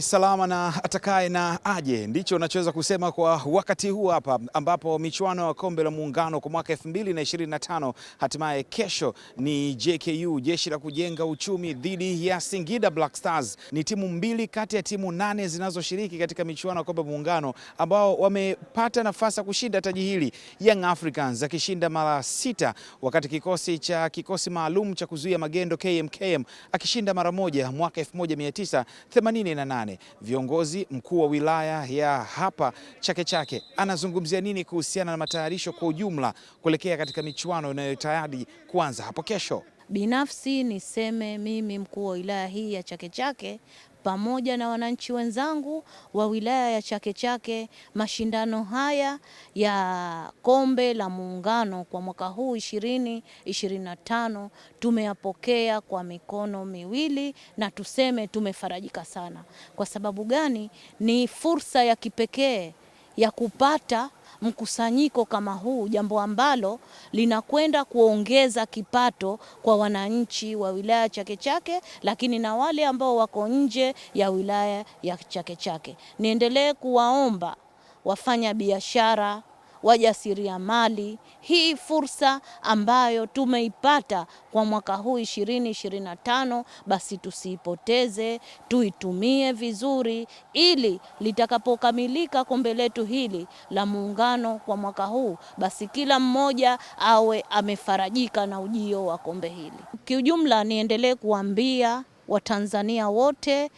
salama na atakaye na aje, ndicho nachoweza kusema kwa wakati huu hapa, ambapo michuano ya kombe la muungano kwa mwaka 2025 hatimaye kesho ni JKU, jeshi la kujenga uchumi, dhidi ya Singida Black Stars. Ni timu mbili kati ya timu nane zinazoshiriki katika michuano ya kombe la muungano ambao wamepata nafasi ya kushinda taji hili, Young Africans akishinda mara sita, wakati kikosi cha kikosi maalum cha kuzuia magendo KMKM akishinda mara moja mwaka 1988 nane. Viongozi, mkuu wa wilaya ya hapa Chake Chake anazungumzia nini kuhusiana na matayarisho kwa ujumla kuelekea katika michuano inayotayari kuanza hapo kesho? Binafsi niseme mimi mkuu wa wilaya hii ya Chake Chake pamoja na wananchi wenzangu wa wilaya ya Chake Chake mashindano haya ya kombe la muungano kwa mwaka huu 2025 tumeyapokea kwa mikono miwili, na tuseme tumefarajika sana. Kwa sababu gani? Ni fursa ya kipekee ya kupata mkusanyiko kama huu, jambo ambalo linakwenda kuongeza kipato kwa wananchi wa wilaya Chake Chake, lakini na wale ambao wako nje ya wilaya ya Chake Chake. Niendelee kuwaomba wafanya biashara wajasiriamali. Hii fursa ambayo tumeipata kwa mwaka huu 2025 basi tusiipoteze, tuitumie vizuri, ili litakapokamilika kombe letu hili la Muungano kwa mwaka huu, basi kila mmoja awe amefarajika na ujio wa kombe hili. Kiujumla, niendelee kuambia Watanzania wote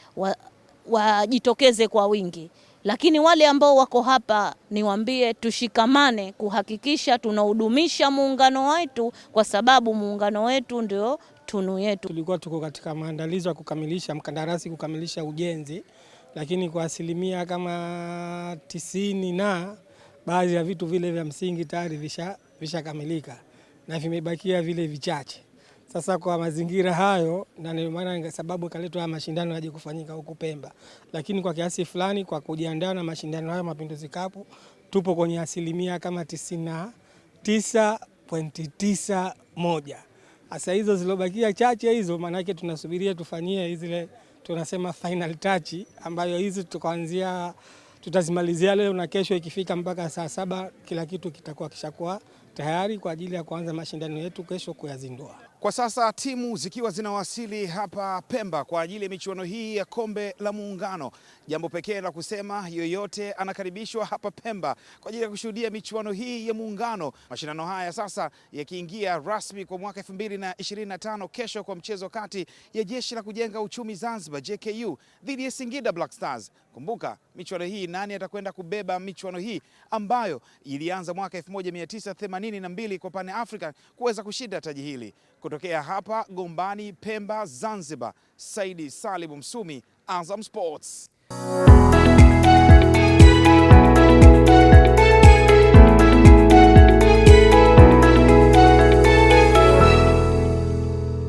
wajitokeze wa kwa wingi. Lakini wale ambao wako hapa niwaambie, tushikamane kuhakikisha tunahudumisha muungano wetu, kwa sababu muungano wetu ndio tunu yetu. Tulikuwa tuko katika maandalizo ya kukamilisha mkandarasi kukamilisha ujenzi, lakini kwa asilimia kama tisini na baadhi ya vitu vile vya msingi tayari vishakamilika visha na vimebakia vile vichache. Sasa kwa mazingira hayo, na ndio maana sababu ikaletwa haya mashindano yaje kufanyika huku Pemba, lakini kwa kiasi fulani kwa kujiandaa na mashindano hayo Mapinduzi Cup tupo kwenye asilimia kama tisini na moja. Sasa hizo zilobakia chache hizo, maanake tunasubiria tufanyie zile tunasema final touch, ambayo hizi tukaanzia tutazimalizia leo na kesho ikifika mpaka saa saba kila kitu kitakuwa kishakuwa tayari kwa ajili ya kuanza mashindano yetu kesho kuyazindua. Kwa sasa timu zikiwa zinawasili hapa Pemba kwa ajili ya michuano hii ya Kombe la Muungano. Jambo pekee la kusema, yoyote anakaribishwa hapa Pemba kwa ajili ya kushuhudia michuano hii ya Muungano. Mashindano haya sasa yakiingia rasmi kwa mwaka 2025 kesho, kwa mchezo kati ya Jeshi la Kujenga Uchumi Zanzibar JKU dhidi ya Singida Black Stars. Kumbuka michuano hii, nani atakwenda kubeba michuano hii ambayo ilianza mwaka 1982 kwa Pan Africa kuweza kushinda taji hili. Kutokea hapa Gombani, Pemba, Zanzibar, Saidi Salim Msumi, Azam Sports.